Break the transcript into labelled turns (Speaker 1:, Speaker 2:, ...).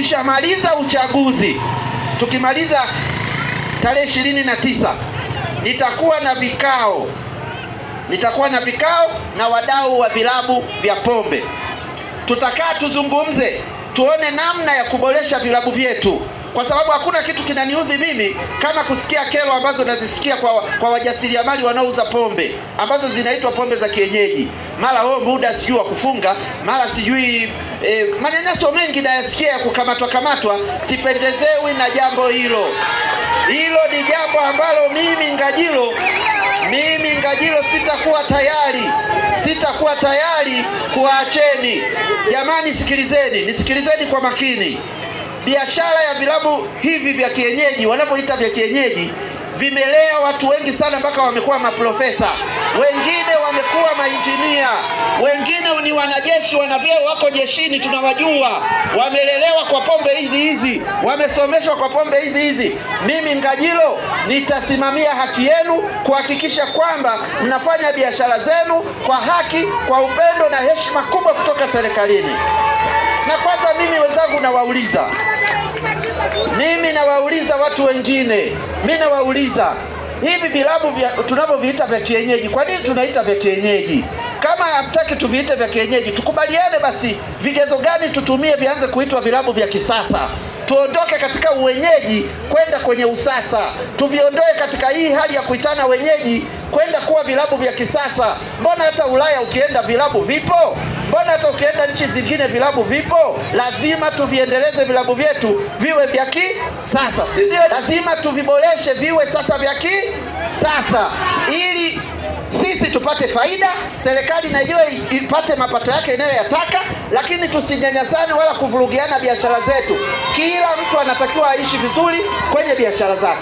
Speaker 1: tukishamaliza uchaguzi, tukimaliza tarehe ishirini na tisa nitakuwa na vikao, nitakuwa na vikao na wadau wa vilabu vya pombe. Tutakaa tuzungumze, tuone namna ya kuboresha vilabu vyetu, kwa sababu hakuna kitu kinaniudhi mimi kama kusikia kero ambazo nazisikia kwa, kwa wajasiriamali wanaouza pombe ambazo zinaitwa pombe za kienyeji, mara huo oh, muda sijui wa kufunga, mara sijui e, manyanyaso mengi nayasikia ya kukamatwa kamatwa, sipendezewi na jambo hilo. Hilo ni jambo ambalo mimi Ngajilo mimi Ngajilo sitakuwa tayari, sitakuwa tayari kuwaacheni. Jamani, sikilizeni, nisikilizeni kwa makini. Biashara ya vilabu hivi vya kienyeji wanavyoita vya kienyeji vimelea watu wengi sana, mpaka wamekuwa maprofesa, wengine wamekuwa wengine ni wanajeshi, wana vyeo, wako jeshini, tunawajua, wamelelewa kwa pombe hizi hizi, wamesomeshwa kwa pombe hizi hizi. Mimi Ngajilo nitasimamia haki yenu kuhakikisha kwamba mnafanya biashara zenu kwa haki, kwa upendo na heshima kubwa kutoka serikalini. Na kwanza mimi wenzangu nawauliza, mimi nawauliza watu wengine, mimi nawauliza hivi vilabu tunavyoviita vya kienyeji, kwa nini tunaita vya kienyeji? Kama hamtaki tuviite vya kienyeji, tukubaliane basi vigezo gani tutumie vianze kuitwa vilabu vya kisasa. Tuondoke katika uwenyeji kwenda kwenye usasa, tuviondoe katika hii hali ya kuitana wenyeji kwenda kuwa vilabu vya kisasa. Mbona hata Ulaya ukienda vilabu vipo? Mbona hata ukienda nchi zingine vilabu vipo? Lazima tuviendeleze vilabu vyetu viwe vya kisasa, si ndio? Lazima tuviboreshe viwe sasa vya kisasa ili ipate faida, serikali na ipate mapato yake inayoyataka, lakini tusinyanyasane wala kuvurugiana biashara zetu. Kila mtu anatakiwa aishi vizuri kwenye biashara zake.